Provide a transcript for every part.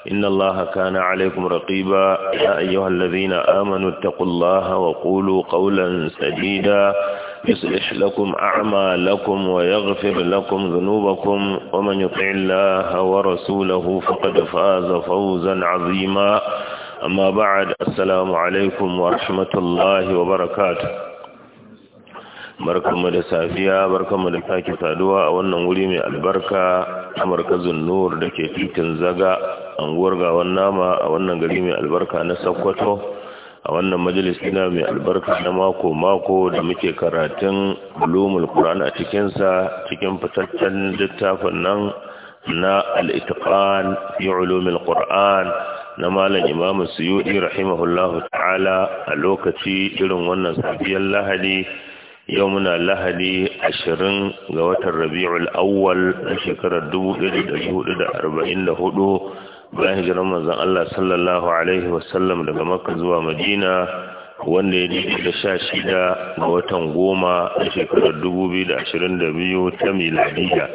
إن الله كان عليكم رقيبا يا أيها الذين آمنوا اتقوا الله وقولوا قولا سديدا يصلح لكم أعمالكم ويغفر لكم ذنوبكم ومن يطع الله ورسوله فقد فاز فوزا عظيما أما بعد السلام عليكم ورحمة الله وبركاته barkanmu da safiya barkanmu da sake saduwa a wannan wuri mai albarka a markazin nur da ke titin zaga anguwar gawan nama a wannan gari mai albarka na Sokoto a wannan majalis dina mai albarka na mako mako da muke karatun ulumul Qur'an a cikin cikin fitaccen littafin nan na al yi ulumul na malam Imam Suyuti rahimahullahu ta'ala a lokaci irin wannan safiyar Lahadi yau muna lahadi ashirin ga watan rabi'ul awwal na shekarar hudu bayan hijirar manzon Allah sallallahu alaihi wasallam daga Makka zuwa Madina wanda ya dace da sha shida ga watan goma a shekarar dubu biyu da ashirin da biyu ta miladiya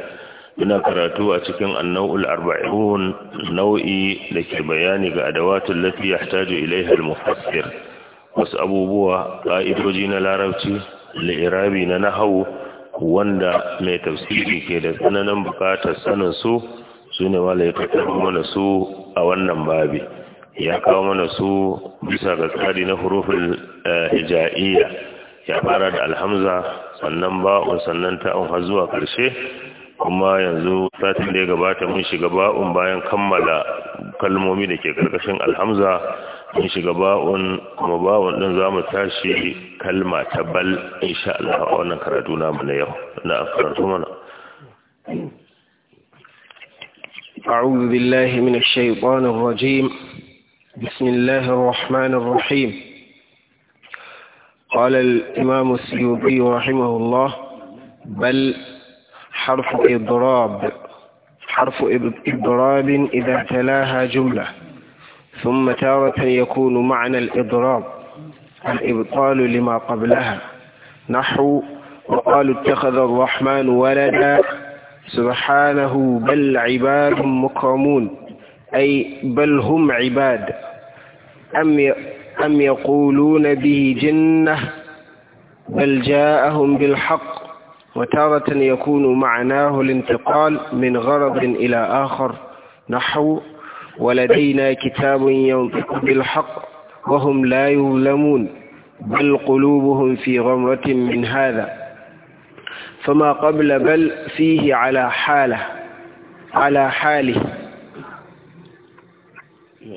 ina karatu a cikin annau'ul arba'un nau'i da ke bayani ga adawatul lati yahtaju ilaiha al-mufassir wasu abubuwa ka'idoji na larabci li'irabi na nahawu wanda mai tafsiri ke da tsananin bukatar sanin su Sune ne mala ya kawo mana su a wannan babi ya kawo mana su bisa ga tsari na hurufin eh, hija'iyya ya fara da alhamza sannan ba'un sannan ta'un har zuwa ƙarshe kuma yanzu satin da ya gabata mun shiga ba'un bayan kammala kalmomi da ke ƙarƙashin alhamza mun shiga ba'un kuma ba'un ɗin za mu tashi kalma ta bal insha Allah a wannan karatu namu na yau na karatu mana أعوذ بالله من الشيطان الرجيم بسم الله الرحمن الرحيم قال الإمام السيوطي رحمه الله بل حرف إضراب حرف إضراب إذا تلاها جملة ثم تارة يكون معنى الإضراب الإبطال لما قبلها نحو وقالوا اتخذ الرحمن ولدا سبحانه بل عباد مكرمون أي بل هم عباد أم أم يقولون به جنة بل جاءهم بالحق وتارة يكون معناه الانتقال من غرض إلى آخر نحو ولدينا كتاب ينطق بالحق وهم لا يظلمون بل قلوبهم في غمرة من هذا فما قبل بل فيه على حاله على حاله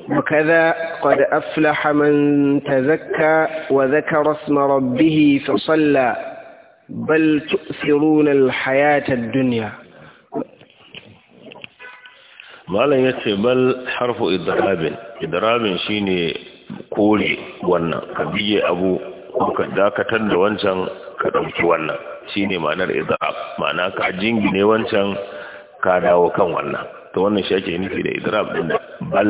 وكذا قد أفلح من تذكى وذكر اسم ربه فصلى بل تؤثرون الحياة الدنيا ما لا يتي بل حرف إضراب إضراب شيني قولي وانا كبية أبو وكذا كتن وانسان كتبت وانا Shi ne ma'anar idrab ma'ana ka jingine wancan ka dawo kan wannan to wannan shi ake nufi da idrab din bal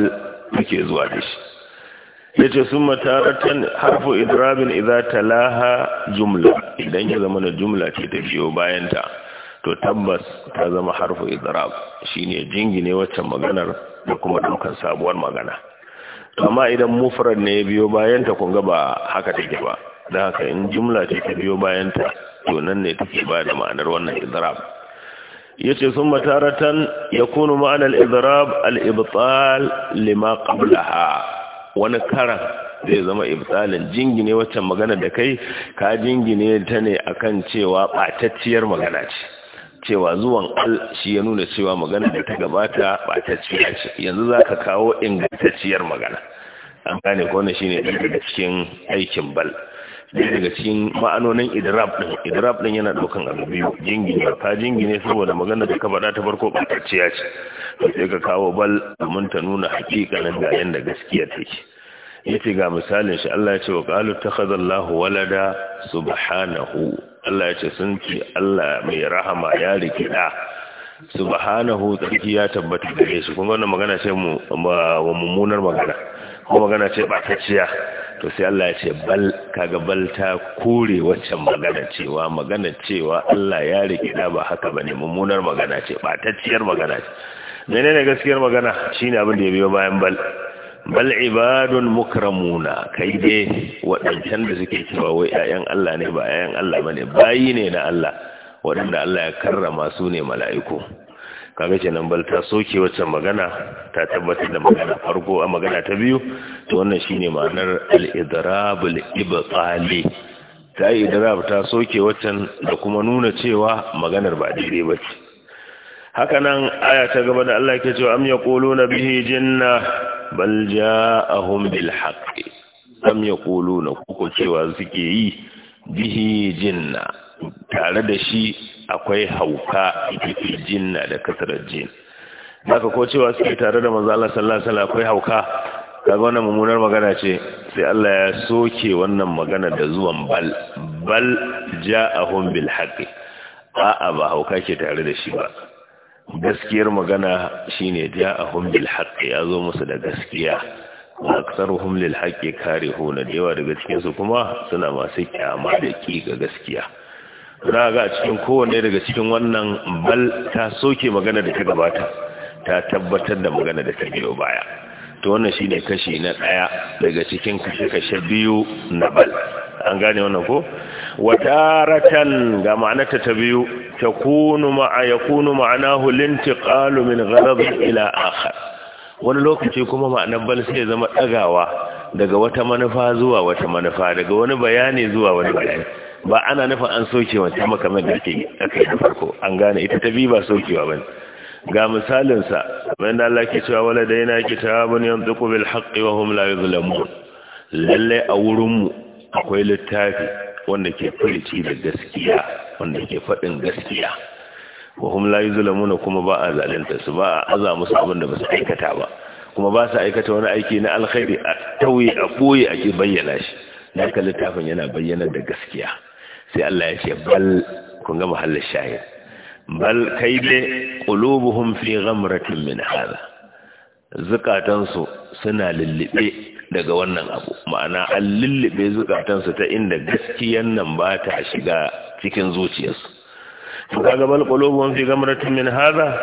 take zuwa da shi yace summa taratan harfu idrabin idza talaha jumla idan ya zama na jumla ce ta biyo bayan ta to tabbas ta zama harfu idrab shine jingine waccan maganar da kuma dukan sabuwar magana amma idan mufrad ne ya biyo bayan ta kun ga ba haka take ba da haka in jumla ce ta biyo bayan ta to nan ne take ba da ma'anar wannan idrab yace sun mataratan yakunu ma'ana al-idrab al-ibtal lima qablaha wani karan zai zama ibtalin jingine waccan magana da kai ka jingine ta ne akan cewa batacciyar magana ce cewa zuwan al shi ya nuna cewa magana da ta gabata batacciya ce yanzu zaka kawo ingantacciyar magana an gane ko ne shine daga cikin aikin bal ɗaya daga cikin ma'anonin idrab ɗin idrab ɗin yana ɗaukan abu biyu jingine ka jingine saboda magana da ka faɗa ta farko ɓatacciya ce to sai ka kawo bal domin ta nuna haƙiƙanin ga yanda gaskiya take yace ga misalin shi Allah ya ce wa qalu takhadha Allahu walada subhanahu Allah ya ce sun ce Allah mai rahama ya rikida subhanahu tsarki ya tabbata gare shi kuma wannan magana ce mu mummunar magana ko magana ce batacciya to sai Allah ya ce bal kaga bal ta kore waccan magana cewa magana cewa Allah ya rike da ba haka bane mummunar magana ce ciyar magana ce menene gaskiyar magana shine abin da ya biyo bayan bal bal ibadun mukramuna kai dai waɗancan da suke cewa wai ƴaƴan Allah ne ba ƴaƴan Allah bane bayi ne na Allah waɗanda Allah ya karrama su ne mala'iku kaga kenan bal ta soke wacce magana ta tabbatar da magana farko a magana ta biyu to wannan shine ma'anar al-idrab al ta idrab ta soke waccan da kuma nuna cewa maganar ba daidai ba ce haka nan aya ta gaba da Allah ke cewa am yaquluna bihi jinna bal ja'ahum bil haqq am yaquluna kuko cewa suke yi bihi jinna tare da shi akwai hauka fi na da kasarar jin haka ko cewa suke tare da manzo Allah sallallahu alaihi akwai hauka kaga wannan mummunar magana ce sai Allah ya soke wannan magana da zuwan bal bal ja'ahum bil haqqi a'a ba hauka ke tare da shi ba gaskiyar magana shine ja'ahum bil haqqi ya zo musu da gaskiya aktsaruhum lil haqqi karihuna da yawa daga cikin su kuma suna masu kyama da ki gaskiya za ga a cikin kowanne daga cikin wannan bal ta soke magana da ta gabata ta tabbatar da magana da ta biyo baya to wannan shine kashi na daya daga cikin kashe-kashe biyu na bal an gane wannan ko wataratan ga ma'anarta ta biyu takunu ma'a yakunu ma'anahu lintiqalu min ghadab ila akhar wani lokaci kuma ma'anar bal sai zama dagawa daga wata manufa zuwa wata manufa daga wani bayani zuwa wani bayani ba ana nufin an soke wancan makamar da ke aka yi da farko an gane ita ta biyu ba sokewa bane ga misalin sa wanda Allah ke cewa wala da yana kitabun yantiqu bil haqqi wa hum la yuzlamun lalle a wurin mu akwai littafi wanda ke furici da gaskiya wanda ke faɗin gaskiya wa hum la yuzlamuna kuma ba a zalunta su ba a aza musu abin da ba su aikata ba kuma ba su aikata wani aiki na alkhairi a tauye a boye a ke bayyana shi na littafin yana bayyana da gaskiya sai Allah ya ce bal kun ga muhalli shahid bal kai dai qulubuhum fi ghamratin min hada zukatansu suna lullube daga wannan abu ma'ana an lullube zukatansu ta inda gaskiyan nan ba ta shiga cikin zuciyarsu to kaga mafi fi gamratin min hada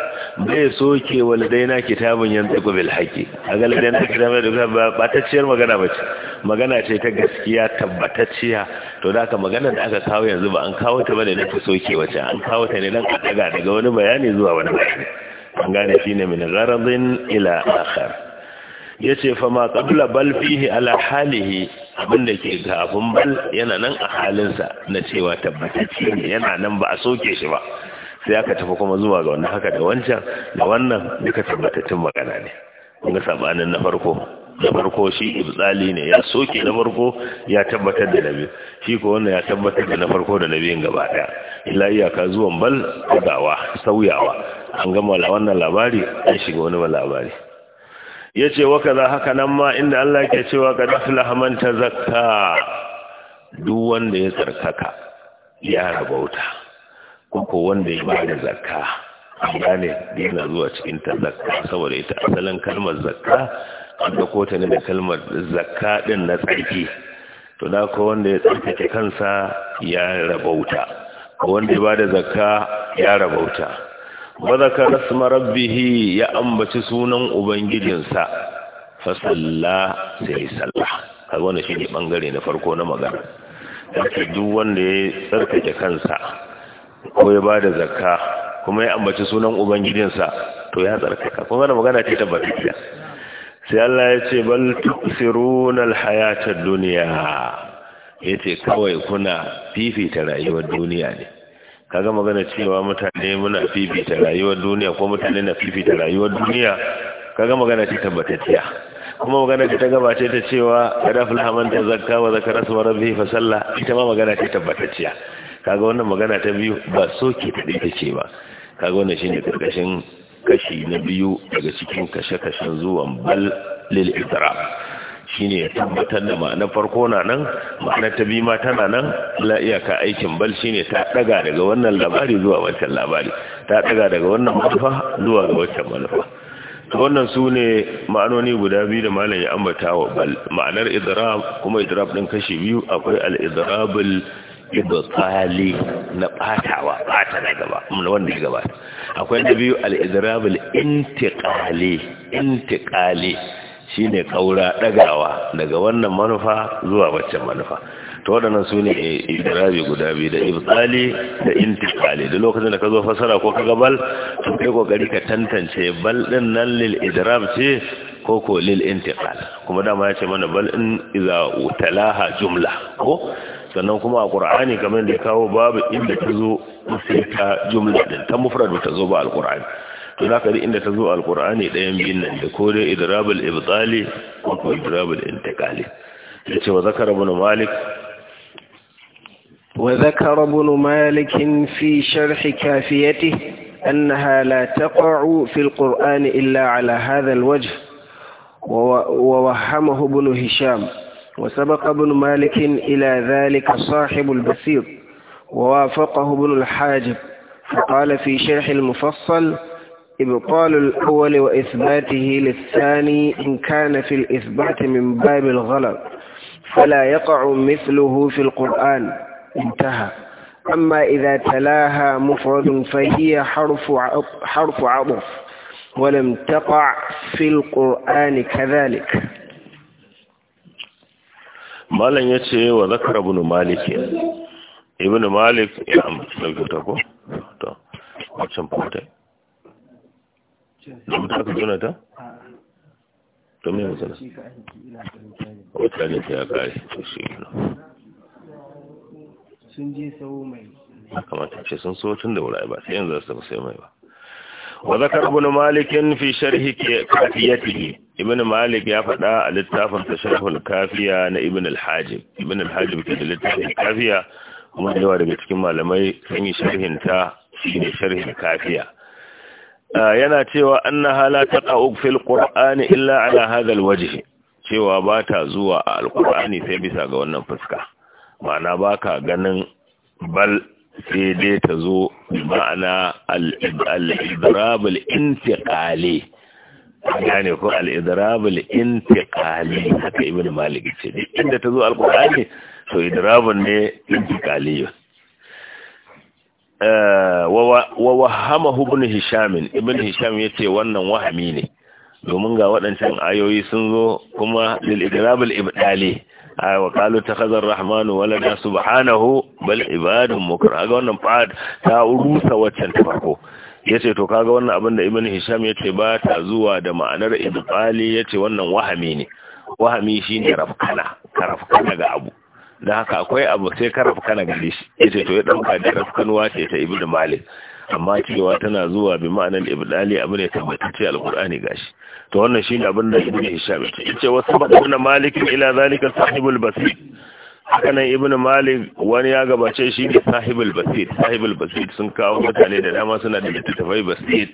bai soke waladaina kitabun yanzu bil haqi kaga ladaina kitabun da ba batacciyar magana bace magana ce ta gaskiya tabbatacciya to da ka magana da aka kawo yanzu ba an kawo ta bane da ta soke wace an kawo ta ne dan ka daga daga wani bayani zuwa wani bayani an gane shine min gharadin ila akhar ya ce fama ƙabla bal fihi ala halihi abinda ke kafin bal yana nan a halinsa na cewa tabbatacce ne yana nan ba a soke shi ba sai aka tafi kuma zuwa ga wani haka da wancan da wannan duka tabbatattun magana ne kun sabanin na farko na farko shi ibtsali ne ya soke na farko ya tabbatar da nabi shi ko wannan ya tabbatar da na farko da nabiyin gaba daya illa iyaka zuwan bal gawa sauyawa an gama wannan labari an shiga wani labari yace wa kaza haka nan ma inda Allah ke cewa qad aflaha ta zakka duk wanda ya tsarkaka ya rabauta ko wanda ya bada zakka ne yana zuwa cikin ta zakka saboda ita asalin kalmar zakka an dauko ta ne da kalmar zakka din na tsarki to da ko wanda ya tsarkake kansa ya rabauta ko wanda ya bada zakka ya rabauta rabbihi ambaci sunan ربه Fasalla sai sallah. أبنجدنسا فصلى shi ne bangare na farko na magana. yake duk wanda ya tsarkake kansa ko ya bada zakka kuma ya ambaci sunan ubangijinsa to ya tsarkaka kuma da magana ce tabbatacciya sai Allah ya ce bal tusiruna alhayata dunya yace kawai kuna fifita rayuwar duniya ne Ka ga magana cewa mutane muna fifita rayuwar duniya ko mutane na fifita rayuwar duniya kaga magana ce tabbatacciya kuma magana ce ta gabace ta cewa kada fulhaman ta zakka wa zakara su rabbi fa salla ita ma magana ce tabbatacciya kaga wannan magana ta biyu ba soke ta dace ce ba kaga wannan shine karkashin kashi na biyu daga cikin kashe-kashen zuwan bal lil shine ya tabbatar da ma'anar farko na nan ma'anar ta bi ma tana nan la iyaka aikin bal shine ta daga daga wannan labari zuwa wancan labari ta daga daga wannan manufa zuwa ga wancan manufa to wannan su ne ma'anoni guda biyu da malam ya ambata wa bal ma'anar idrab kuma idrab din kashi biyu akwai al-idrabul ibtali na batawa bata na gaba wanda ya gabata akwai da biyu al-idrabul intiqali intiqali Shi ne kaura dagawa daga wannan manufa zuwa waccan manufa to waɗannan su ne eh, idirabi guda biyu da ibtsali da intiqali da lokacin da ka zo fasara ko ka gabal to kai kokari ka tantance bal din nan lil idrab ce ko ko lil intiqal kuma dama ya ce mana bal in iza talaha jumla ko sannan kuma a qur'ani kamar da ya kawo babu inda ta zo sai ta jumla din ta mufrad ba ta zo ba al-qur'ani هناك إن تزوء القرآن إذن بينا يكون إدراب الإبطال وإدراب الانتقال وذكر ابن مالك وذكر ابن مالك في شرح كافيته أنها لا تقع في القرآن إلا على هذا الوجه ووهمه ابن هشام وسبق ابن مالك إلى ذلك صاحب البسيط ووافقه ابن الحاجب فقال في شرح المفصل إبطال الأول وإثباته للثاني إن كان في الإثبات من باب الغلط فلا يقع مثله في القرآن انتهى أما إذا تلاها مفرد فهي حرف حرف عطف ولم تقع في القرآن كذلك ما لن يتشي وذكر ابن مالك ابن مالك يا ملكتكو لو da wuta aka jona ta? to mai matsala wata ya kare to sun je sau mai kamata ce sun so tun da wuri ba sai yanzu za sai mai ba wa zakar ibn malik fi ibn malik ya faɗa a littafin tasharhul kafiya na ibn Alhaji. ibn Alhaji hajib ke da littafin kafiya kuma da yawa daga cikin malamai sun yi ta shine sharhin kafiya yana cewa annaha la taqa'u fil qur'ani illa ala hadha wajh cewa ba ta zuwa al qur'ani sai bisa ga wannan fuska ma'ana baka ganin bal sai dai ta zo ma'ana al-idrab al-intiqali yani ko al-idrab al-intiqali haka ibn malik ce inda ta zo al qur'ani to idrabun ne intiqali Eh, wa wahamahu ibn hisham ibn hisham yace wannan wahami ne domin ga waɗancan ayoyi sun zo kuma lil idrabul ibdali ah, wa qalu takhazar rahmanu walada subhanahu bal ibadun mukra ga wannan fad ta rusa waccan ta farko yace to kaga wannan abin da ibn hisham yace ba ta zuwa da ma'anar ibdali yace wannan wahami ne wahami shine rafkana karafkana ga abu da haka akwai abu sai ka kana gari shi yace to ya dauka da kanuwa ce ta da malik amma cewa tana zuwa bi ma'anar dali abu ne tabbatacce alkur'ani gashi to wannan shi ne abin da ibnu hisham ya ce wasu na malik ila zalika sahibul basir haka nan na malik wani ya gabace shi ne sahibul basir sahibul basir sun kawo mutane da dama suna da littattafai basir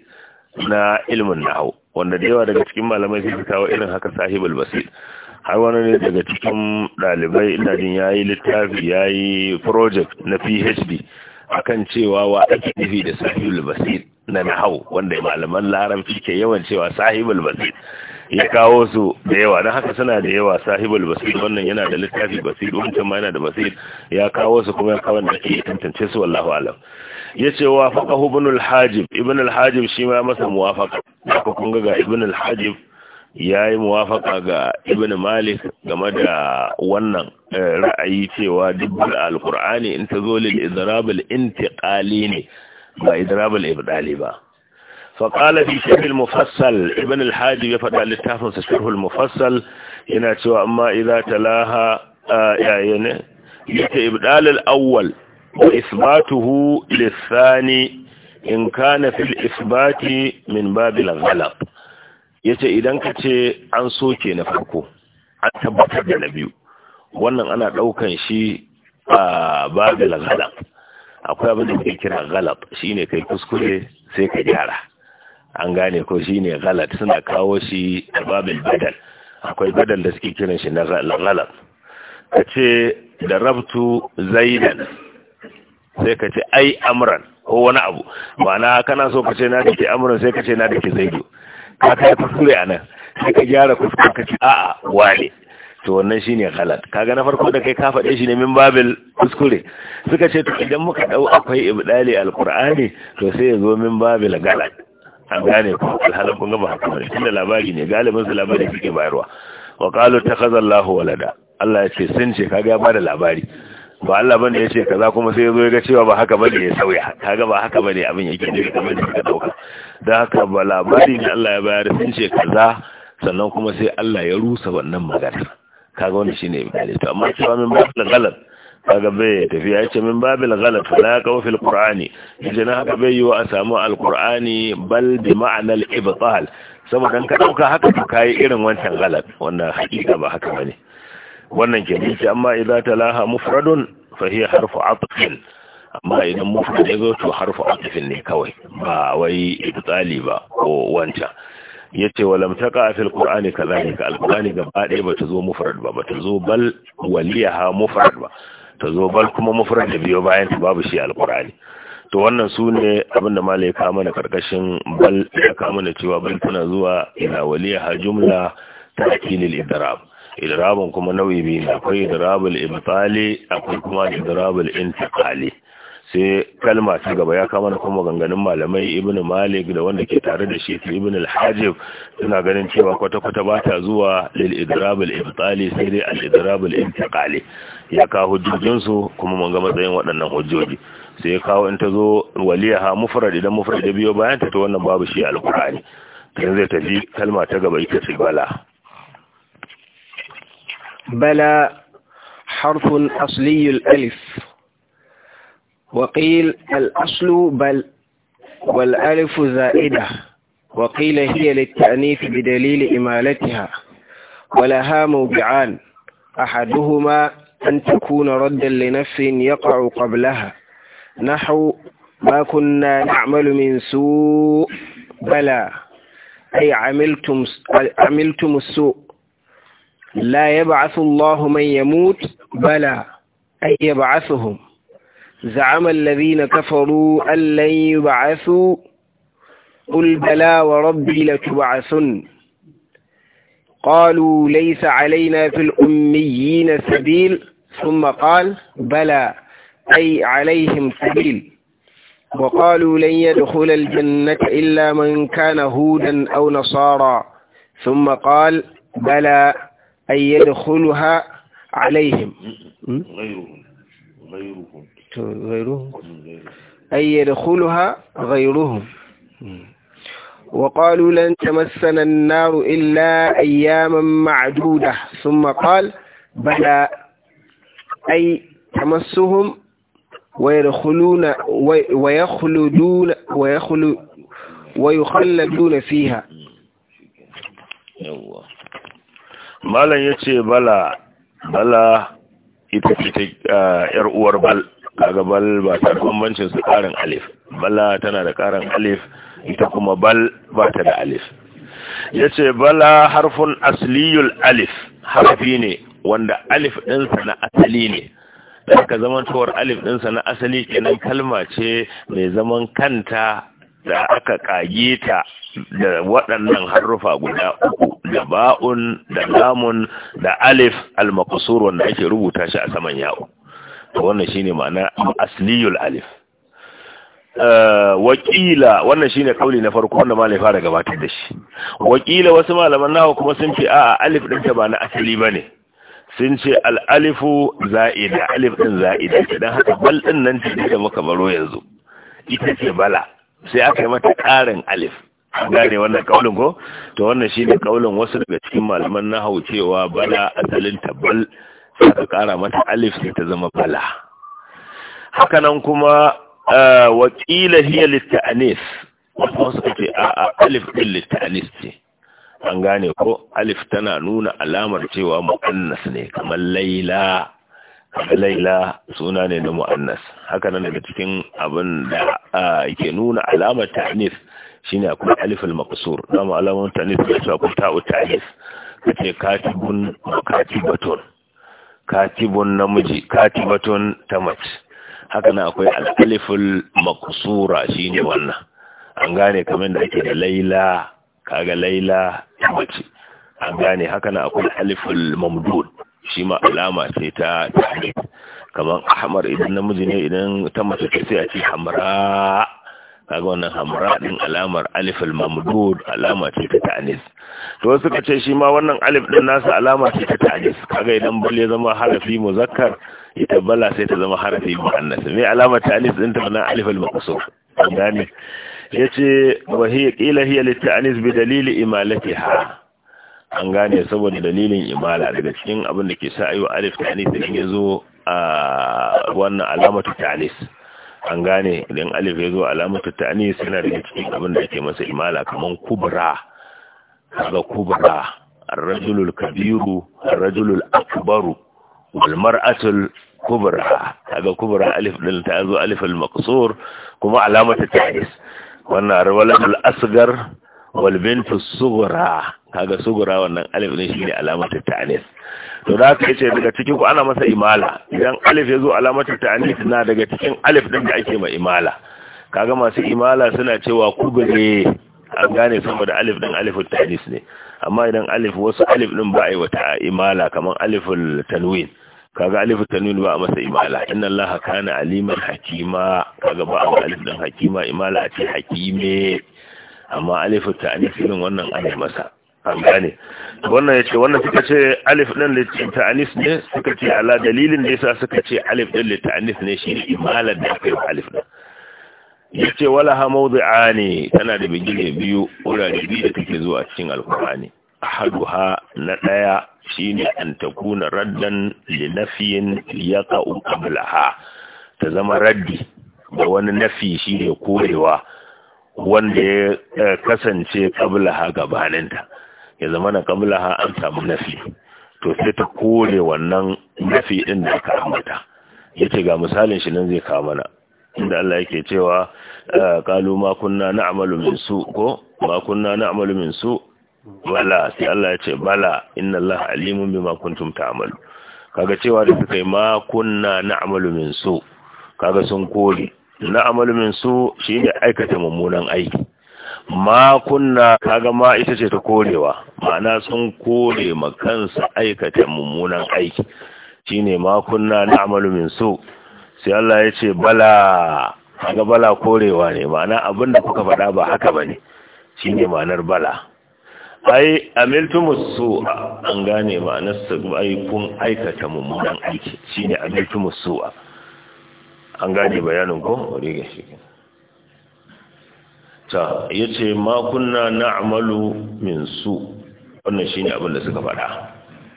na ilmin nahu wanda da yawa daga cikin malamai sai su kawo irin haka sahibul basir har wani ne daga cikin ɗalibai ɗalin ya yi littafi ya yi project na phd akan cewa wa ake nufi da sahibul basir na nahau wanda malaman larabci ke yawan cewa sahibul basir ya kawo su da yawa don haka suna da yawa sahibul basir wannan yana da littafi basir wancan ma yana da basir ya kawo su kuma ya kawo da ke tantance su wallahu alam ya ce wa faƙa hubunul hajib ibn al-hajib shi ma masa muwafaka Ya kunga ga ibn al-hajib ya yi muwafaka ga ibn malik game da wannan eh, ra'ayi cewa dubbar alkur'ani in ta zo lil izrabil intiqali ne ga izrabil ibdali ba faqala fi shirh al mufassal ibn al hadi ya fada littafin sa shirh al mufassal yana cewa amma idza talaha yaya ne yake ibdal al awwal wa ithbatuhu lil thani in kana fi al ithbati min babil ghalat Ya ce, idan ka ce an soke na farko an tabbatar da na biyu wannan ana ɗaukan shi a babu galab akwai abin da ke kira galab ne kai kuskure sai ka gyara an gane ko shi ne galab suna kawo shi a babin badal akwai badal da suke kiran shi na galab ka ce da rabtu zaidan sai ka ce ai amran ko wani abu na kana so ka ce na da ke amran sai ka ce na da ke zaidu ka yi kuskure a nan sai ka gyara kuskure ka ce a'a wale. to wannan shine halal kaga na farko da kai ka faɗe shi ne min babil kuskure suka ce to idan muka dau akwai ibdali alqur'ani to sai ya zo min babil galal an gane ko alhalin kun ga ba haka ne tunda labari ne galibin su labari suke bayarwa wa qalu takhazallahu walada Allah ya ce sun ce kaga ya bada labari ba Allah bane ya ce kaza kuma sai ya zo ya cewa ba haka bane ya sauya kaga ba haka bane abin yake ne kuma ne suka dauka dan haka ba labari ne Allah ya bayar sun ce kaza sannan kuma sai Allah ya rusa wannan magana kaga wannan shine misali to amma cewa min babil galat kaga bai tafiya yace min babil galat la qaw fil qur'ani idan haka bai yi wa a samu alqur'ani bal bi ma'anal ibtal saboda ka dauka haka to kai irin wancan galat wannan hakika ba haka bane wannan ke nufi amma idan talaha mufradun fa hiya harfu atfin amma idan mufrad ya zo to harfu atfin ne kawai ba wai ibtali ba ko wancan yace lamtaka taqa fil qur'ani kadhalika alqur'ani gaba ɗaya ta zo mufrad ba Ba ta zo bal waliyaha mufrad ba ta zo bal kuma mufrad da biyo bayan ta babu shi alqur'ani to wannan su ne abinda malai ya kama na karkashin bal ya kama na cewa bal tana zuwa ila waliyaha jumla ta akilil idrab idrabun kuma nau'i biyu akwai idrabul imtali akwai kuma idrabul intiqali sai kalma ta gaba ya kama kuma ganganin malamai ibnu malik da wanda ke tare da shi ibn al-hajib suna ganin cewa kwata-kwata ba ta zuwa lil idrabul imtali sai dai al idrabul intiqali ya kawo su kuma mun ga matsayin waɗannan hujjoji sai ya kawo in ta zo waliyaha mufrad idan mufrad biyo bayan ta to wannan babu shi al-qur'ani yanzu zai tafi kalma ta gaba ita ce bala بلى حرف أصلي الألف وقيل الأصل بل والألف زائدة وقيل هي للتأنيف بدليل إمالتها ولها موضعان أحدهما أن تكون ردا لنفس يقع قبلها نحو ما كنا نعمل من سوء بلى أي عملتم السوء لا يبعث الله من يموت بلى أي يبعثهم زعم الذين كفروا أن لن يبعثوا قل بلى وربي لتبعثن قالوا ليس علينا في الأميين سبيل ثم قال بلى أي عليهم سبيل وقالوا لن يدخل الجنة إلا من كان هودا أو نصارى ثم قال بلى أن يدخلها عليهم غيرهم غيرهم غيرهم أن يدخلها غيرهم وقالوا لن تمسنا النار إلا أياما معدودة ثم قال بلى أي تمسهم ويدخلون ويخلدون ويخلدون فيها الله malam ya ce bala bala ita fita yar uwar bal kaga bal ba ta bambancin su karin alif bala tana da karin alif ita kuma bal ba ta da alif Ya ce bala harfun asliyul alif harfi ne wanda alif ɗinsa na asali ne da ka zamantowar alif ɗinsa na asali kenan kalma ce mai zaman kanta da aka kage ta da waɗannan harrufa guda uku da ba'un da lamun da alif al wanda ake rubuta shi a saman yau. to wannan shine ma'ana asliyul alif eh, wakila wannan shine kauli na farko wanda malai fara gabatar da shi wakila wasu malaman nawa kuma sun ce a alif din ta ba na asali bane sun ce al-alifu za'ida alif din za'ida dan haka bal din nan ta da muka baro yanzu ita ce bala sai aka yi mata ƙarin alif gane wannan kaulin ko to wannan shine kaulin wasu daga cikin malaman nahau cewa bala asalin tabbal saka kara mata alif sai ta zama bala Hakanan kuma eh, wakila hiya lit'anis wasu ce a alif din lit'anis ce an gane ko alif tana nuna alamar cewa mu'annas ne kamar laila laila suna ne na mu'annas Hakanan nan daga cikin abin da eh, ke nuna alamar ta'anis shine akwai alifin al-maqsur dama alamun da su akwai ta'u ta'is kace katibun katibatun katibun namiji Katibaton ta mace haka nan akwai alifin alif shine wannan an gane kamar da ake da laila kaga laila ta mace an gane haka na akwai alifin mamdud shi ma alama sai ta kamar ahmar idan namiji ne idan ta mace ce sai a ce hamra kaga wannan hamra din alamar alif al-mamdud alama ce ta ta'anis to suka ce shi ma wannan alif din nasa alama ce ta ta'anis kaga idan bal ya zama harafi muzakkar ita bala sai ta zama harafi muannas me alamar ta'anis din ta na alif al-maqsur gani yace wa hiya qila hiya lit tanis bi dalili imalatiha an gane saboda dalilin imala daga cikin abin da ke sa ayo alif ta'anis din yazo a wannan alamatu ta'anis an gane idan alif ya zo alamatu ta'anis yana da cikin abin da ake masa imala kaman kubra kaga kubra rajulul kabiru ar-rajulul akbaru wal mar'atul kubra kaga kubra alif din ta zo alif al-maqsur kuma alamatu ta'anis wannan rawaladul asgar wal bintu sughra kaga sughra wannan alif din shine alamatu ta'anis to da aka ce daga cikin ku ana masa imala idan alif ya zo alamatar ta'anis na daga cikin alif din da ake ma imala kaga masu imala suna cewa ku kubure an gane saboda alif din aliful ta'anis ne amma idan alif wasu alif din ba ai wata imala kamar aliful tanwin kaga aliful tanwin ba a masa imala inna allaha kana aliman hakima kaga ba a alif din hakima imala a ce hakime amma aliful ta'anis din wannan ana masa an gane wannan ya ce wannan suka ce alif ɗin litta'anis ne suka ce ala dalilin da yasa suka ce alif ɗin litta'anis ne shi imalar da aka yi alif ɗin ya ce wala ha mawdu'a ne tana da bigire biyu wurare biyu da take zuwa cikin alkur'ani ha na ɗaya shine an takuna raddan li nafiyin yaqa'u ha, ta zama raddi da wani nafi shi ne korewa wanda ya eh, kasance kabla ha gabaninta ya zama na ha an samu nafi to sai ta kore wannan nafi din da aka ambata yace ga misalin shi nan zai kawo mana inda Allah yake cewa ah, qalu ma kunna na'malu min su ko ma kunna na'malu min su bala sai Allah ya bala inna Allah alimun bima kuntum ta'malu kaga cewa da suka yi ma kunna na'malu min su kaga sun kore na'malu min su shi ne aikata mummunan aiki ma kunna kaga ma ita ce ta korewa ma'ana sun kore ma kansa aikata mummunan aiki shine ma kunna amalu min su sai Allah ya ce bala kaga bala korewa ne ma'ana abin da kuka faɗa ba haka ba Shi shine ma'anar bala ai amiltu musu an gane ma'anar su ai kun aikata mummunan aiki shine amiltu musu an gane bayanin ko wuri ga shi ta yace ma kunna na'malu min su wannan shine abin da suka faɗa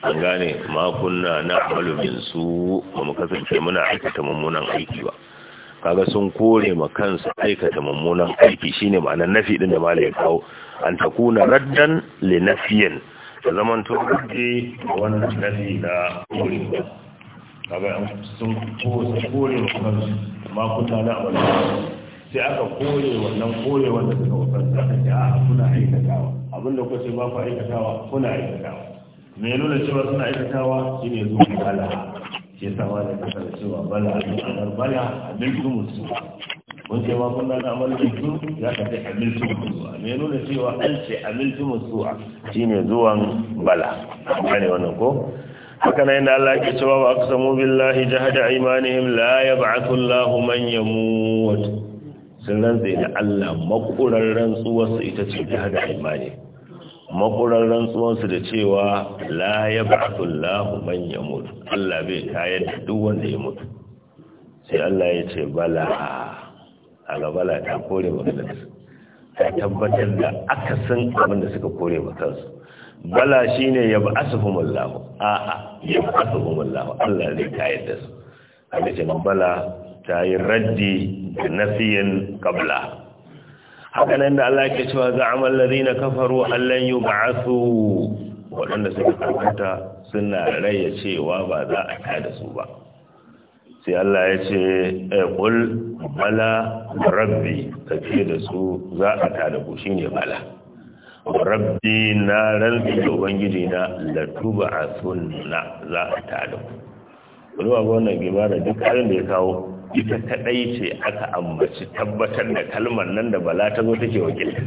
an gane ma kunna na'malu min su ba mu kasance muna aikata mummunan aiki ba kaga sun kore ma kansu aikata mummunan aiki shine ma'anar nafi din da malai ya kawo an takuna raddan li nafiyan da zaman to kake wannan nafi na kore kaga sun kore ma kunna na'malu sai aka kore wannan kore wanda suka da aka ce a ah, kuna aikatawa abinda kuka sai ba ku aikatawa kuna aikatawa me nuna cewa suna aikatawa shine zuwa bala ke sawa da kasa da cewa bala ma'anar bala abin su musu kun ce ma kun dana amal su ya ka ce abin su musu me nuna cewa an ce abin su musu shine zuwan bala gane wannan ko haka nan Allah ke cewa wa aqsamu billahi jahada imanihim la yab'athu Allahu man yamut sun rantse da Allah makurar rantsuwarsu ita ce ta da imani makurar rantsuwarsu da cewa la ya ba'atullahu man ya mutu Allah bai kayar da duk wanda ya mutu sai Allah ya ce bala a ga bala ta kore wa kansu ta tabbatar da aka san abin da suka kore wa kansu bala shine ya ba'asuhumullahu a'a ya ba'asuhumullahu Allah zai kayar da su a cikin bala ta yi raddi da nasiyan kabla hakanan da Allah ke cewa za za'amal ladina kafaru allan yub'athu waɗanda suka karkata suna raya cewa ba za a da su ba sai Allah ya ce eh, qul bala rabbi kace da su za a da ku shine bala rabbi na ran da ubangiji na latuba sunna za a da ku kulwa ga wannan gibara duk halin da ya kawo ita kadai ce aka ambaci tabbatar da kalmar nan da bala ta zo take wakilta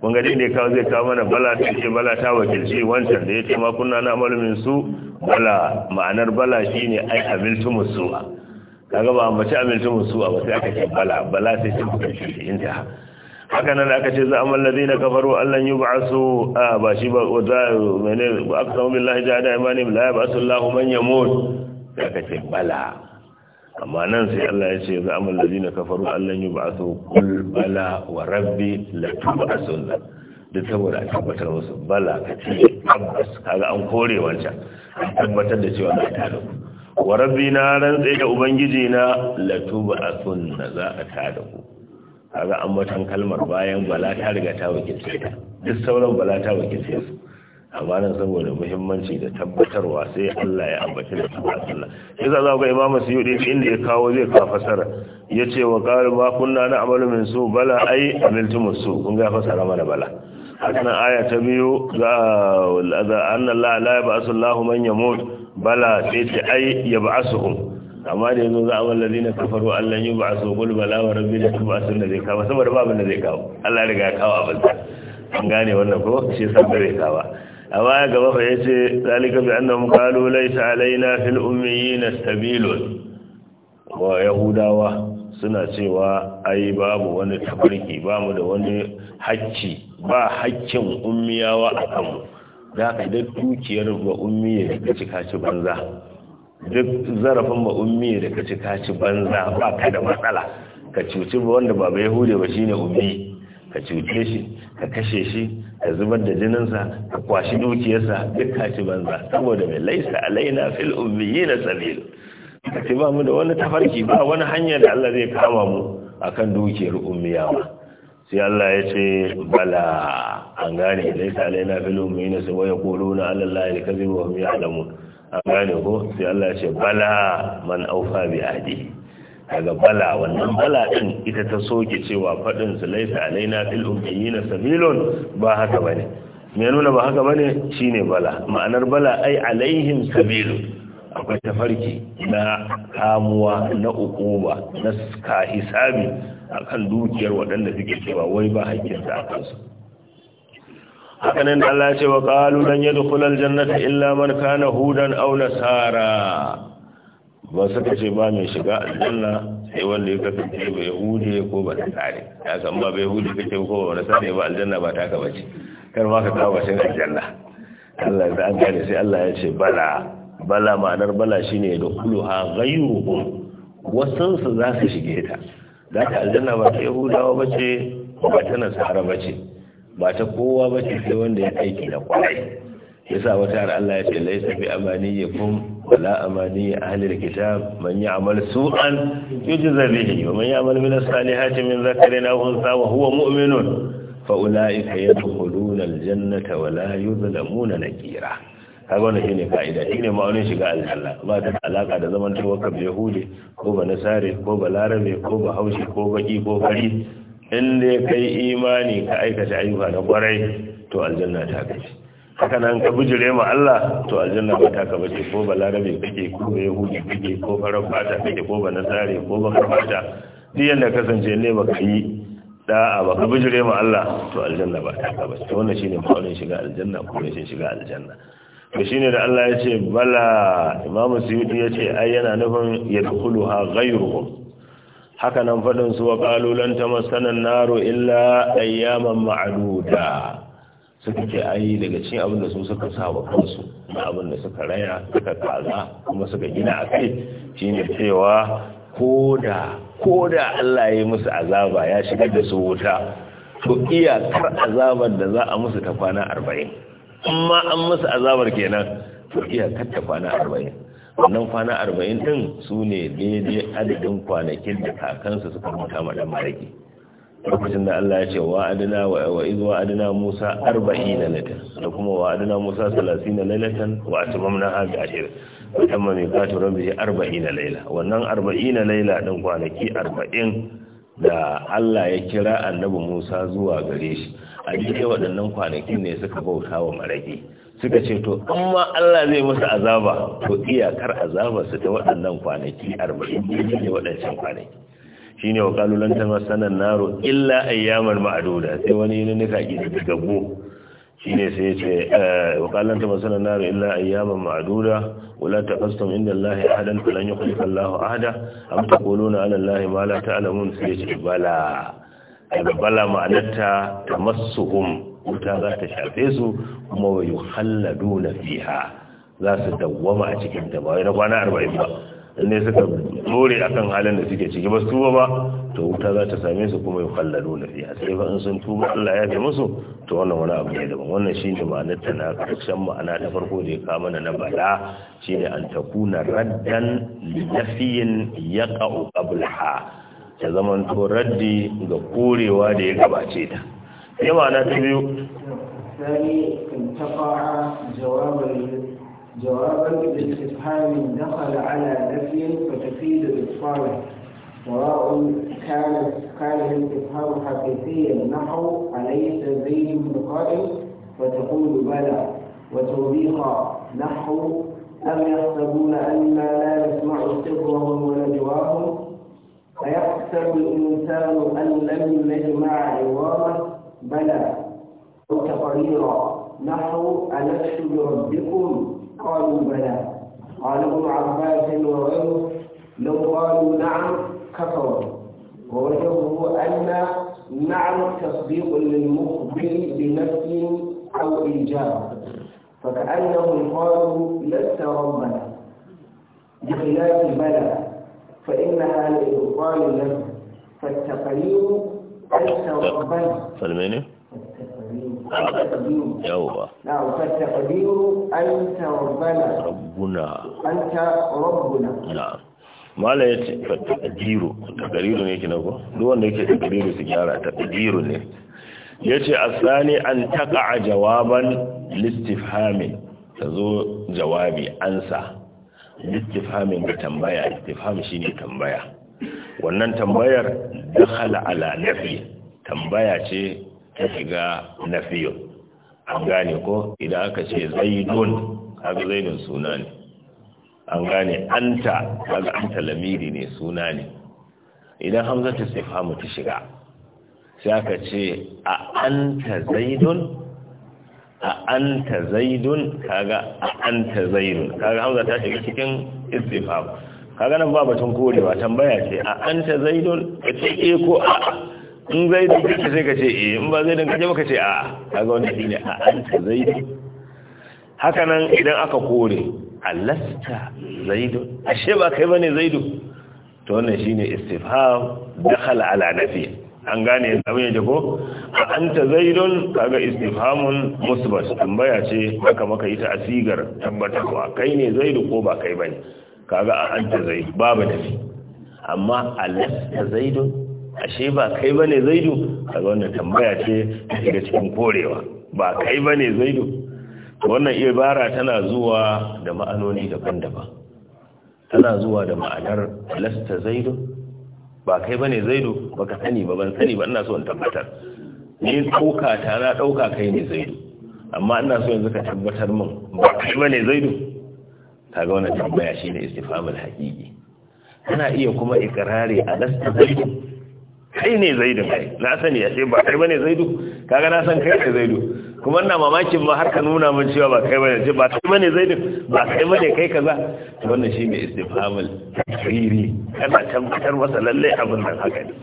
kun gaji ne kawo zai kawo mana bala ta ce bala ta wakilci wancan da ya ce makunna na malumin su bala ma'anar bala shine ai amiltu musuwa kaga ba ambaci amiltu musuwa ba sai aka ce bala bala sai sun kuka shi inda haka nan aka ce za a mallazi na kafaru allon yi su a ba shi ba a mene ba aka samu billahi jihada imanim la ya ba'asu allahu man ya mutu aka ce bala amma nan sai Allah ya ce za amal ladina kafaru allan yub'athu qul bala wa rabbi la tub'asunna duk saboda a tabbatar musu bala ka ce tabbas kaga an kore wancan an tabbatar da cewa na tada ku wa rabbi na rantse da ubangiji na la tub'asunna za a tada ku kaga an matan kalmar bayan bala ta riga ta wakilce ta duk sauran bala ta wakilce su amma nan saboda muhimmanci da tabbatarwa sai Allah ya ambaci da tabbatarwa yasa za ga imamu suyudi inda ya kawo zai ka fasara yace wa qala ma kunna na'malu min su bala ai amiltum su kun ga fasara mana bala hakan aya ta biyu za za anna la la yab'asu Allahu man yamut bala sai ta ai yab'asuhum amma da yanzu za a wani lalina kafaru Allah yi ba a bala wa rabbi da tuba sun da zai kawo saboda babin da zai kawo Allah ya riga ya kawo abin an gane wannan ko shi yasa zai kawo a baya gaba fa yace zalika bi annahum qalu laysa alaina fil na sabilun wa yahudawa suna cewa ai babu wani tafarki bamu da wani hacci ba haccin ummiyawa a kanmu da duk dukiyar ba ummiye da kaci kaci banza duk zarafin ba ummiye da kaci kaci banza ba ka da matsala ka cuci wanda ba ba yahudi ba shine ummi ka cuce shi ka kashe shi ka zubar da jininsa ka kwashi dukiyarsa duk ka ci banza saboda mai laisa alaina fil na sabil ka ce ba mu da wani tafarki ba wani hanya da Allah zai kama mu akan dukiyar ba sai Allah ya ce bala an gane laisa alaina fil na sabil ya quluna ala ya kadhibu wa hum ya'lamun an gane ko sai Allah ya ce bala man aufa bi ahdihi daga bala wannan bala ɗin ita ta soke cewa fadin su laisa alaina fil ummiyina sabilun ba haka bane me nuna ba haka bane shine bala ma'anar bala ai alaihim sabilun akwai tafarki na kamuwa na ukuba na ka hisabi akan dukiyar waɗanda suke cewa wai ba hakkinsa a kansu haka nan Allah ya ce wa qalu lan yadkhul jannata illa man kana hudan aw nasara ba suka ce ba mai shiga aljanna sai wanda ya kasance ba hude ko ba ta tsare ya san ba bai yahudi kake ko ba na tsare ba aljanna ba ta kaba ce kar ma ka kawo shi aljanna Allah ya an gane sai Allah ya ce bala bala ma'anar bala shine da kulu ha ghayruhum wasan su za su shige ta za ta aljanna ba ta yahudawa ba ce ba ta nasara ba ce ba ta kowa ba ce sai wanda ya aiki da kwarai yasa wata har Allah ya ce laisa bi amaniyikum wala amani ahli alkitab man ya'mal su'an yujza bihi wa man ya'mal min as-salihati min dhakarin aw untha wa huwa mu'minun fa ulaika yadkhuluna aljannata wa la yuzlamuna nakira kaga wannan shine kaida shine ma'aunin shiga aljanna ba ta alaka da zaman ka yahudi ko ba nasare ko ba larabe ko ba haushi ko baki ko fari in dai kai imani ka aikata ayyuka na kwarai to aljanna ta kai haka nan ka bijire ma Allah to aljanna ba ta kaba ce ko balarabe kake ko yahudi kake ko farar fata kake ko banasare ko bakar fata duk yanda kasance ne baka yi da'a baka bijire ma Allah to aljanna ba ta kaba ce wannan shine ma'aunin shiga aljanna ko rashin shiga aljanna to shine da Allah ya ce bala imamu suyuti ya ce ai yana nufin yadkhuluha ghayruhum haka nan fadin su wa qalu lan tamassana an-naru illa ayyaman ma'duda suka ce ayi daga cin abin da su suka sa wa kansu da abin da suka raya suka kaza kuma suka gina a kai shi ne cewa koda koda Allah ya yi musu azaba ya shigar da su wuta to iya kar azabar da za a musu ta kwana arba'in amma an musu azabar kenan to iya kar ta kwana arba'in wannan kwana arba'in din su ne daidai adadin kwanakin da kakansu suka mutu da mariki maraki lokacin da Allah ya ce wa adana wa iz wa adana Musa 40 lalatan da kuma wa adana Musa 30 lalatan wa atmamna ha bi ashir wa tamma miqatu rabbi 40 laila wannan 40 laila din kwanaki 40 da Allah ya kira annabi Musa zuwa gare shi a cikin waɗannan kwanakin ne suka bauta wa maraki suka ce to amma Allah zai musu azaba to iyakar su ta waɗannan kwanaki 40 ne waɗancan kwanaki shine wa qalu lan tamassana an illa ayyaman ma'duda sai wani yi ne nika ki gabo shine sai ya ce wa qalu lan tamassana an-naru illa ayyaman ma'duda wala eh, taqastum inda Allah ahadan falan yukhlifa Allah ahada am taquluna ala Allah ma la ta'lamun sai ya ce bala daga bala ma'anarta tamassuhum wuta za ta shafe su kuma wa yukhalladuna fiha za su dawwama a cikin ta ba wai na kwana arba'in ba ne suka dore akan halin da suke ciki ba su tuba ba to wuta za ta same su kuma yukallalu na fiya sai ba in sun tuba Allah ya fi musu to wannan wani abu ne daban wannan shi ne ma'anar ta na karshen ma'ana ta farko da ya kama na bala shine an na raddan li nafiyin yaqa'u ta zaman to raddi ga korewa da ya gabace ta yawa ma'ana ta biyu جوابا باستفهام دخل على نفي فتفيد إطفاله سواء كان كان الاستفهام حقيقيا نحو أليس بهم بقائل فتقول بلى وتوبيخا نحو أم يحسبون أنا لا نسمع سرهم ونجواهم أيحسب الإنسان أن لم نجمع عظامه بلى وتقريرا نحو ألست بربكم قالوا بلى قال ابن عباس وغيره لو قالوا نعم كفروا ووجهه أن نعم تصديق للمخبر بنفي أو إيجاب فكأنهم قالوا لست ربنا بخلاف بلى فإنها لإبطال له فالتقرير لست ربنا فالمعنى yawwa na wata qadiru anta rabbana rabbuna anta rabbuna na'am mala ya ce takadiru takadiru ne kina ko duk wanda yake takadiru su gyara takadiru ne ya ce a asali an taka a jawaban listifamin. ta zo jawabi ansa listifamin da tambaya listifamin shi ne tambaya wannan tambayar dakhala ala nafi tambaya ce ta shiga na fiye an gane ko idan aka ce zaidun zai zaidun suna ne an gane anta kaga anta lamiri ne suna ne idan sai famu ta shiga sai aka ce a anta zaidun a anta zaidun kaga a anta zaidun kaga hamza ta shiga cikin istifham kaga nan ba batun tambaya ce a anta zaidun ce eh ko a in zai da kake sai ka ce eh in ba zai da kaje ka ce a kaga wannan shine a an ta zaidu haka nan idan aka kore alasta zaidu ashe ba kai bane zaidu to wannan shine istifham dakhala ala nafi an gane abin yake ko a anta zaidun kaga istifhamun musbat tambaya ce haka maka ita asigar ko kai ne zaidu ko ba kai bane kaga a anta ba babu nafi amma alasta zaidun ashe ba kai bane zaidu kaga wannan tambaya ce daga cikin korewa ba kai bane zaidu wannan ibara tana zuwa da ma'anoni daban-daban tana zuwa da ma'anar lasta zaidu ba kai bane zaidu baka sani ba ban sani ba ina so in tabbatar ni dauka ta na dauka kai ne zaidu amma ina so yanzu ka tabbatar min ba kai bane zaidu kaga wannan tambaya shine istifhamul haqiqi kana iya kuma ikrari a lasta zaidu kai ne zaidu kai na sani ce ba kai bane zaidu kaga na san kai ne zaidu kuma ina mamakin ma har ka nuna min cewa ba kai bane ce ba kai bane zaidu ba kai bane kai kaza to wannan shine istifhamul tafsiri kana tabbatar masa lalle abin nan haka ne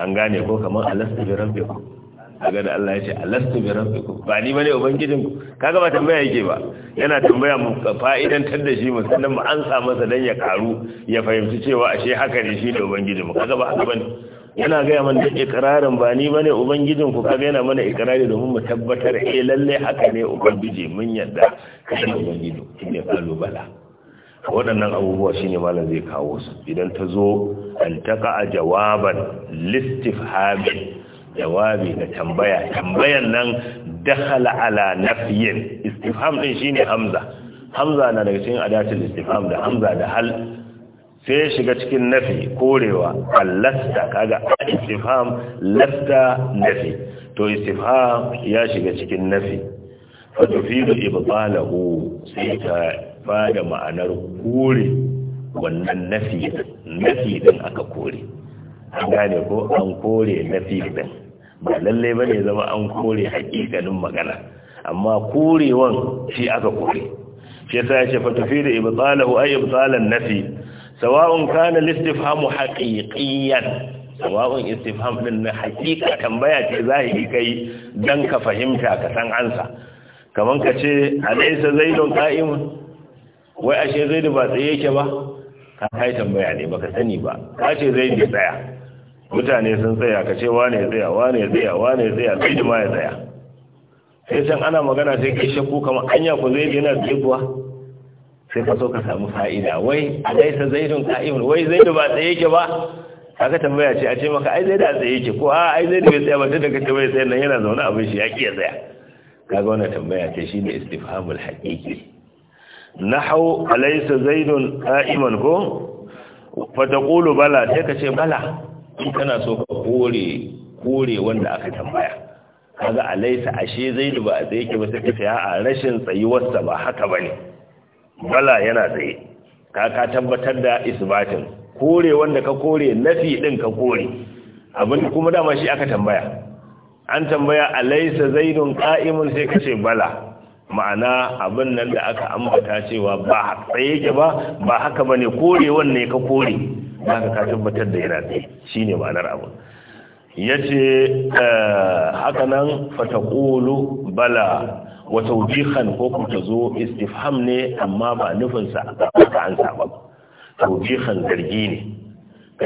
an gane ko kamar alastu bi rabbikum kaga da Allah ya ce alastu bi rabbikum ba ni bane ubangijin ku kaga ba tambaya yake ba yana tambaya mu fa'idan da shi mu sannan mu masa dan ya karu ya fahimci cewa ashe haka ne shi da ubangijin mu kaga ba haka bane yana gaya mana da ikirarin ba ni bane ubangijin ku kaga yana mana ikirari domin mu tabbatar eh lalle haka ne ubangiji mun yadda kashi ubangiji shine bala. waɗannan abubuwa shine malam zai kawo su idan ta zo an a jawaban listifhabi jawabi da tambaya tambayan nan dakhala ala nafyin istifham din shine hamza hamza na daga cikin adatul istifham da hamza da hal sai ya shiga cikin nafi korewa a lasta kaga istifam lasta nafi to istifam ya shiga cikin nafi fa tufidu hu sai ta bada ma'anar kore wannan nafi nafi din aka kore an gane ko an kore nafi din ba lalle ne zama an kore hakikanin magana amma korewan shi aka kore shi ta ya ce fa tufidu ibtalahu ay ibtalan nafi sawa'un kana listifhamu haqiqiyan sawa'un istifham din na haqiqa tambaya ce zahiri kai dan ka fahimta ka san ansa kaman ka ce alaysa zaidun qa'imun wai ashe zaidu ba tsaye yake ba ka kai tambaya ne baka sani ba ka ce zaidu tsaya mutane sun tsaya ka ce wane tsaya wane tsaya wane tsaya zaidu ma ya tsaya sai can ana magana sai kai shakku kamar anya ku zaidu yana tsaye kuwa sai ka so ka samu fa'ida wai a laisa zaidun qa'imun wai zaidu ba tsaye yake ba kaga tambaya ce a ce maka ai zaidu a tsaye yake ko a ai zaidu bai tsaya ba tunda kace bai tsaya nan yana zaune abin shi ya kiya tsaya kaga wannan tambaya ce shine istifhamul haqiqi nahu alaysa zaidun qa'iman ko fa taqulu bala sai ka ce bala kana so ka kore kore wanda aka tambaya kaga alaysa ashe zaidu ba a tsaye yake ba sai ka ce a rashin tsayuwarsa ba haka bane bala yana tsaye ka ka tabbatar da isbatin kore wanda ka kore nafi din ka kore abin kuma dama shi aka tambaya an tambaya alaysa zaidun qa'imun sai kace bala ma'ana abin nan da aka ambata cewa ba tsaye yake ba ba haka bane kore wanne ka kore ba ka tabbatar da yana tsaye shine ma'anar abin Ya ce eh, haka nan fataqulu bala wa tawbihan ko ku zo istifham ne amma ba nufinsa a ka an saba tawbihan zargi ne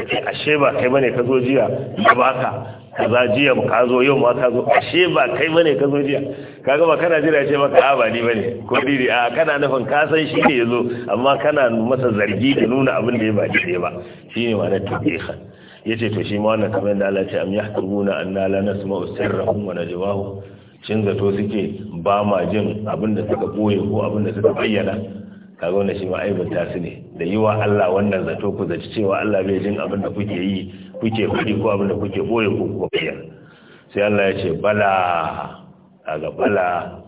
ce ashe ba kai bane ka zo jiya ya baka kaza jiya ka zo yau ma ka zo ashe ba kai bane ka zo jiya ka gaba kana jira ce maka a ba ni bane ko diri a kana nufin ka san shi ne zo amma kana masa zargi da nuna abin da ya ba ne ba shine ma na tawbihan yace to shi ma wannan kamar da Allah ya ce am yahkuruna an la nasma'u sirrahum wa najwahum cin zato suke ba ma jin abin da suka boye ko abin da suka bayyana kaga wannan shi ma aibata su ne da yi wa Allah wannan zato ku zaci cewa Allah bai jin abin da kuke yi kuke fadi ko abin da kuke boye ko kuka bayyana sai Allah ya ce bala kaga bala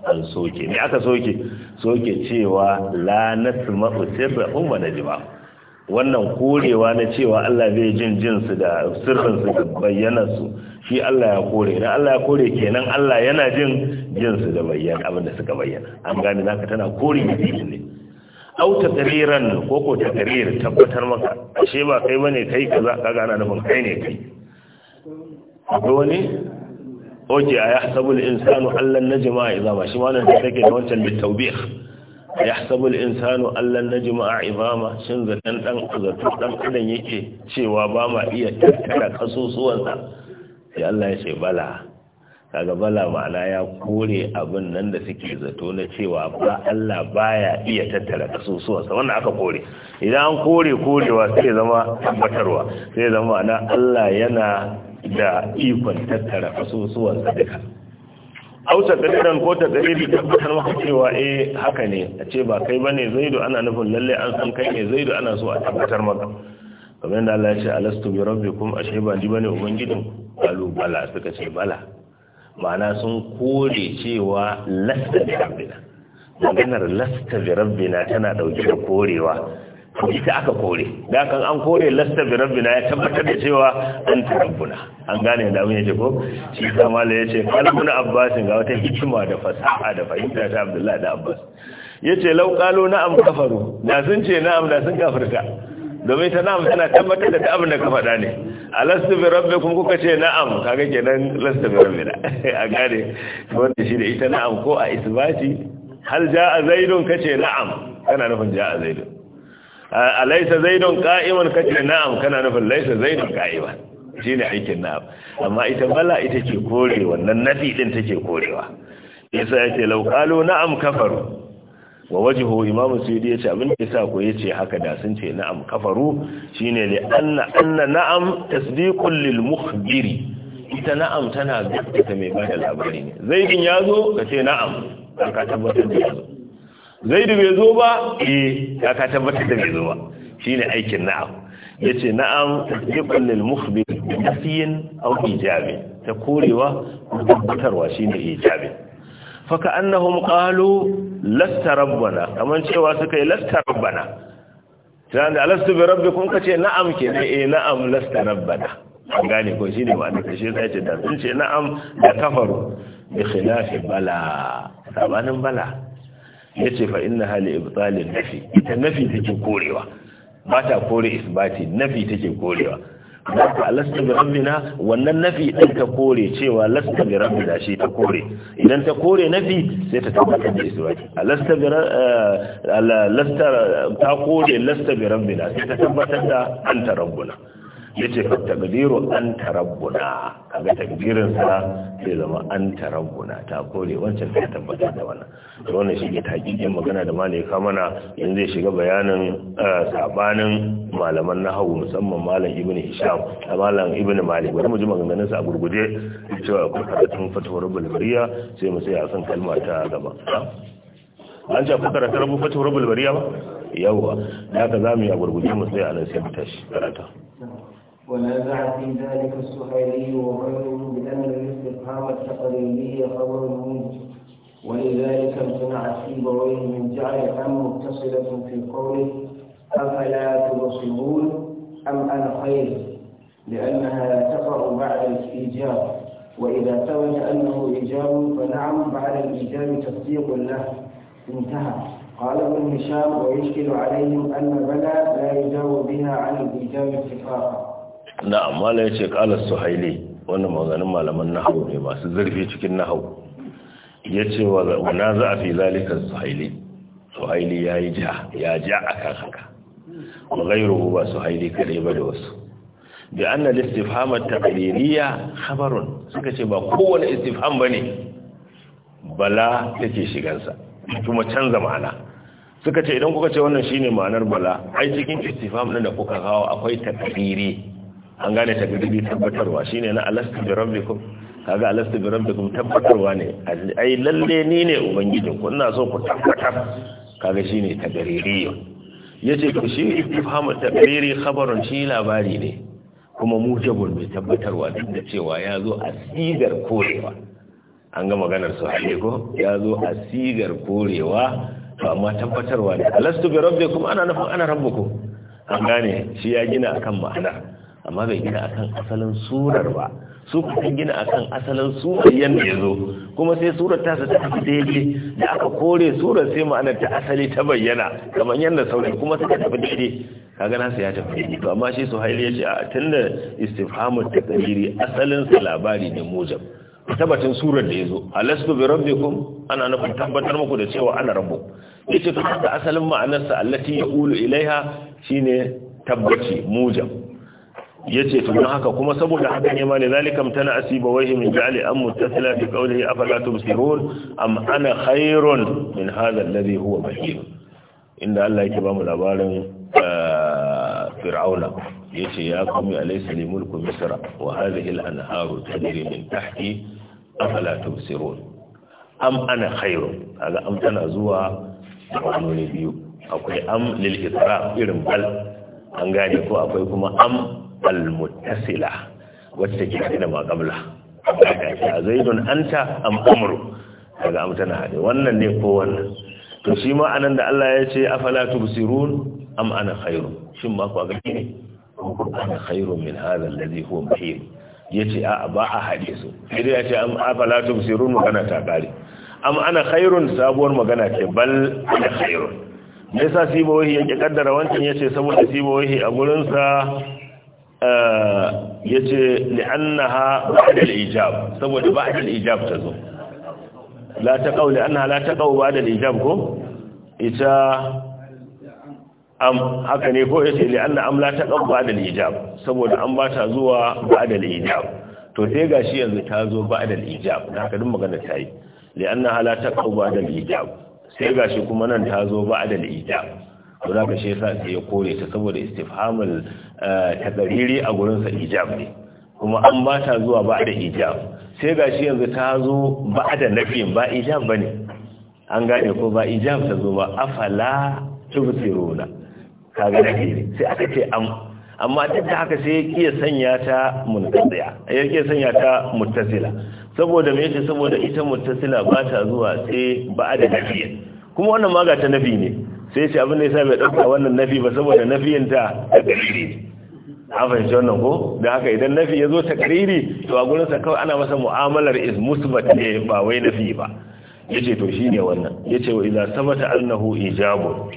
an soke ne aka soke soke cewa la nasma'u sirrahum wa najwahum wannan korewa na cewa Allah zai jin jinsu da sirrinsu da bayyanarsu shi Allah ya kore idan Allah ya kore kenan Allah yana jin jinsu da bayyana abinda suka bayyana an gane naka tana kore ne ne au tariran ko ko tarir tabbatar maka ashe ba kai bane kai kaza ka gana nufin kai ne kai akwai oje oke a al insanu allan najma idza ma shi wannan da take da wancan bitawbih yahsabu al-insanu allan najma'a ibama shin zaton dan zato dan adam yake cewa ba ma iya tattara kasusuwansa sai Allah ya ce bala kaga bala ma'ana ya kore abin nan da suke zato na cewa ba Allah baya iya tattara kasusuwansa wannan aka kore idan an kore korewa sai zama tabbatarwa sai zama ana Allah yana da ikon tattara kasusuwansa duka hausa kadiran ko ta kadiri ta fitar maka cewa eh haka ne a ce ba kai bane zaidu ana nufin lalle an san kai ne zaidu ana so a tabbatar maka kamar yadda Allah ya ce alastu bi rabbikum ashe ba ji bane ubangijin kalu bala suka ce bala ma'ana sun kore cewa lasta bi rabbina maganar lasta bi rabbina tana dauke da korewa ita aka kore da kan an kore lasta bi rabbina ya tabbatar da cewa an tarabbuna an gane da mun yace ko shi kama la yace kalmun abbas ga wata hikima da fasaha da fahimta ta abdullahi da abbas yace law qalu na'am kafaru da sun ce na'am da sun kafirta domin ta na'am tana tabbatar da abin da ka faɗa ne alastu bi rabbikum kuka ce na'am kaga kenan lasta bi rabbina a gane wanda shi da ita na'am ko a isbati hal jaa zaidun kace na'am kana nufin jaa zaidun alaisa zaidun qa'iman kace na'am kana nufin laisa zaidun qa'iman shine aikin na'am amma ita bala ita ce kore wannan nafi din take korewa yasa yace law qalu na'am kafaru wa wajhu imam suyudi yace abin da yasa ko yace haka da sun ce na'am kafaru shine li anna anna na'am tasdiqun lil mukhbiri ita na'am tana gaskata mai bada labari ne zaidin yazo kace na'am ka tabbatar da yazo zaidu bai zo ba eh ya ka tabbatar da bai zo ba shine aikin na'am yace na'am tasdiqan lil mukhbir bi nafiyin aw ijabi ta korewa tabbatarwa shine ijabi fa ka annahum qalu lasta rabbana kaman cewa suka yi lasta rabbana dan da alastu bi rabbikum kace na'am ke ne. eh na'am lasta rabbana an gane ko shine ma'ana kashe sai ce da sun ce na'am da kafaru bi khilafi bala sabanin bala yace fa inna hali ibtalin nafi ita nafi take korewa ba ta kore isbati nafi take korewa da ka lasta bi rabbina wannan nafi din ta kore cewa lasta bi rabbina shi ta kore idan ta kore nafi sai ta tabbata da isbati lasta bi eh, lasta ta kore lasta bi rabbina sai ta tabbatar da anta rabbuna yace fa taqdiru anta rabbuna kaga takdirin sa sai zama anta rabbuna ta kore wancan ta tabbatar da wannan to wannan shi ke taqiqin magana da ka mana yanzu zai shiga bayanin eh, sabanin malaman nahawu musamman malam ibnu hisham da malam ibnu malik bari mu ji maganganun sa a gurguje cewa akwai karatun fatawar bulbariya sai mu sai a san kalma ta gaba an ce ku karatun rubu fatawar bulbariya ba yawwa da haka zamu yi a gurguje mu sai a nan sai mu tashi karata ونازع في ذلك السهيلي وغيره بأن الاستفهام التقريبي خبر منه ولذلك امتنع سيبويه من جعل أم متصلة في قوله أفلا تبصرون أم أنا خير لأنها لا تقع بعد الإيجاب وإذا ثبت أنه إيجاب فنعم بعد الإيجاب تصديق له انتهى قال ابن هشام ويشكل عليهم أن بلى لا يجاوب بها عن الإيجاب اتفاقا na'am mala yace qala suhaili wannan maganin malaman nahu ne masu zurfi cikin Ya yace wa za a fi zalika suhaili suhaili yi ja ya ja kan haka wa ghayruhu ba suhaili kare ba da wasu bi anna al-istifham at suka ce ba kowane istifham bane bala take shigansa kuma canza ma'ana suka ce idan kuka ce wannan shine ma'anar bala ai cikin istifham ɗin da kuka kawo akwai taqriri an gane takdiri tabbatarwa shine na alastu bi rabbikum kaga alastu bi rabbikum tabbatarwa ne ai lalle ni ne ubangiji, ku ina so ku tabbatar kaga shine takdiri yace ku shi ifhamu takdiri khabarun shi labari ne kuma mujabul mai tabbatarwa din da cewa ya zo a sigar korewa an ga maganar su hade ko ya zo a sigar korewa to amma tabbatarwa ne alastu bi rabbikum ana nufin ana rabbukum an gane shi ya gina akan ma'ana amma bai gina akan asalin surar ba su kan gina akan asalin surar yadda ya zo kuma sai surar ta ta tafi daidai da aka kore surar sai ma'anar ta asali ta bayyana kamar yadda sauri kuma suka tafi daidai kaga su ya tafi to amma shi suhail ya ce a tun da istifhamul takariri asalin sa labari ne mujab tabbatin surar da ya zo alastu bi rabbikum ana nufin tabbatar muku da cewa ana rabbu yace to haka asalin ma'anarsa allati yaqulu ilaiha shine tabbaci mujab yace to don haka kuma saboda haka ne ma ne zalikam tana asiba wahi min ja'ali am muttasila fi qawlihi afala tubsirun am ana khairun min hadha alladhi huwa bahin inda Allah yake ba mu labarin ah, fir'auna yace ya qumi alaysa li mulku misra wa hadhihi al-anharu tajri min tahti afala tubsirun am ana khairun kaga am tana zuwa wani biyu akwai am lil israf irin bal an gane ko akwai kuma am al-muttasila wacce ke da ma qabla haka ce zaidun anta am amru daga amta na hade wannan ne ko wannan to shi ma anan da Allah ya ce afala tubsirun am ana khairu shin ma ku ga ne ana khairu min hadha alladhi huwa muhim yace a ba a hade su sai ya ce am afala tubsirun kana ta kare am ana khairun sabuwar magana ce bal ana khairun me yasa sibawahi yake kaddara wancan Ya ce saboda sibawahi a gurinsa. ya ce li'annaha ba'dal ijab saboda ba'dal ijab ta zo la taqaw li'annaha la taqaw ijab ko ita am haka ne ko yace li'anna am la taqaw ba'dal ijab saboda an ba ta zuwa ba'dal ijab to sai gashi yanzu ta zo ba'dal ijab dan haka din magana ta yi li'annaha la taqaw ba'dal ijab sai gashi kuma nan ta zo ba'dal ijab to za ka shi yasa sai ya kore ta saboda istifhamul eh, tadariri a gurin sa ijab ne kuma an ba ta zuwa ba da ijab sai gashi yanzu ta zo ba da nafin ba ijab bane an gane ko ba ijab ta zo ba afala tubsiruna kaga ne sai aka ce am amma duk da haka sai ya sanya ta munqadiya ya kiya sanya ta muttasila saboda me yake saboda ita muttasila ba ta zuwa sai ba da nafi kuma wannan maga ta nafi ne sai ce abin da sa bai ɗauka wannan nafi ba saboda yin ta takriri an fahimci wannan ko da haka idan nafi ya zo takriri to a gurinsa kawai ana masa mu'amalar is musbat ne ba wai nafi ba yace to ne wannan yace wa idza sabata annahu ijabu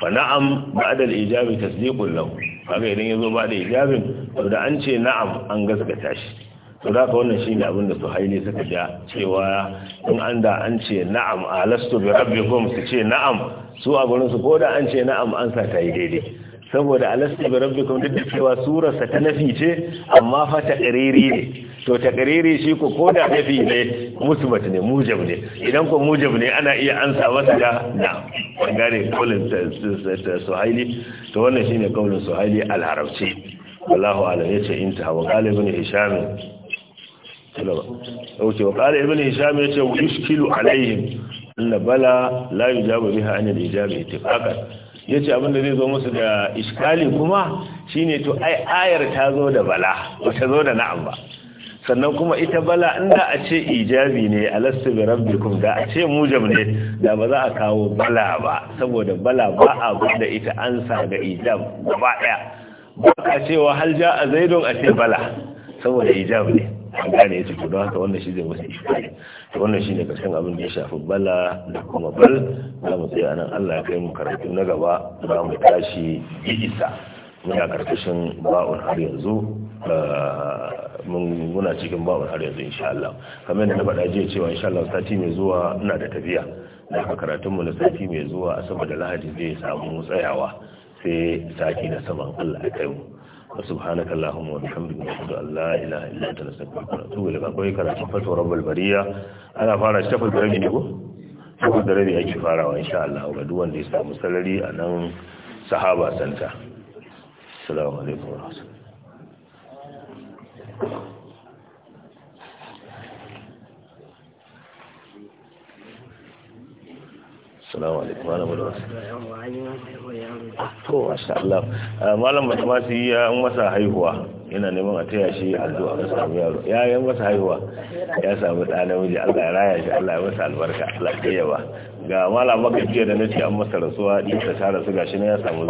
fa na'am ba'da al-ijabi tasdiqun lahu Haka idan yazo ba da ijabin to da an ce na'am an gaskata shi to da ka wannan shine abin da suhaili suka ja cewa in an da an ce na'am alastu bi rabbikum su ce na'am su a gurin su ko da an ce na'am an sa ta yi daidai saboda alastu bi rabbikum duk da cewa surarsa ta nafi ce amma fa ta qariri ne to ta qariri shi ko ko da nafi ne musbat ne mujab ne idan ko mujab ne ana iya ansa masa da wannan bangare kullun suhaili to wannan shine kaulin suhaili al-harabci wallahu alam yace inta wa qalibun hisham wuce wa ƙara ibn hisham ya ce yushkilu alaihim anna bala la yujabu biha an al-ijab yace abinda zai zo musu da iskali kuma shine to ai ayar ta zo da bala ba ta zo da na'am ba sannan kuma ita bala inda a ce ijabi ne alastu bi rabbikum da a ce mujab ne da ba za a kawo bala ba saboda bala ba a gudda ita ansa ga ijab gaba daya ba ka cewa hal ja'a zaidun a ce bala saboda ijab ne a gane ya ce don haka wannan shi zai wasu wannan shi ne karshen abin da ya shafi bala da kuma bal za mu tsaye a nan Allah ya kai mu karatu na gaba za mu tashi yi isa muna karkashin ba'un har yanzu eh, muna cikin ba'un har yanzu insha Allah kamar yadda na faɗa jiya cewa insha Allah sati mai zuwa ina da tafiya da karatunmu na sati mai zuwa a saboda lahadi zai samu tsayawa sai sati na saman Allah ya kai mu سبحانك اللهم وبحمدك نشهد ان لا اله الا انت نستغفرك ونتوب اليك akwai karatun fatwa rabbul ana fara shafal da rabi ne ko shafal da rabi yake farawa insha sha ga duk wanda ya samu salari a nan sahaba santa assalamu alaikum wa rahmatullahi السلام عليكم salamu الله وبركاته ما شاء الله Allah ah, malam يا ya masa haihuwa ina neman a taya shi addu'a ga samu yaro ya yi masa haihuwa ya samu ɗa namiji Allah ya raya shi Allah ya masa albarka Allah ya ba ga malam makafiya da nace an masa rasuwa din ta tara su gashi ne ya samu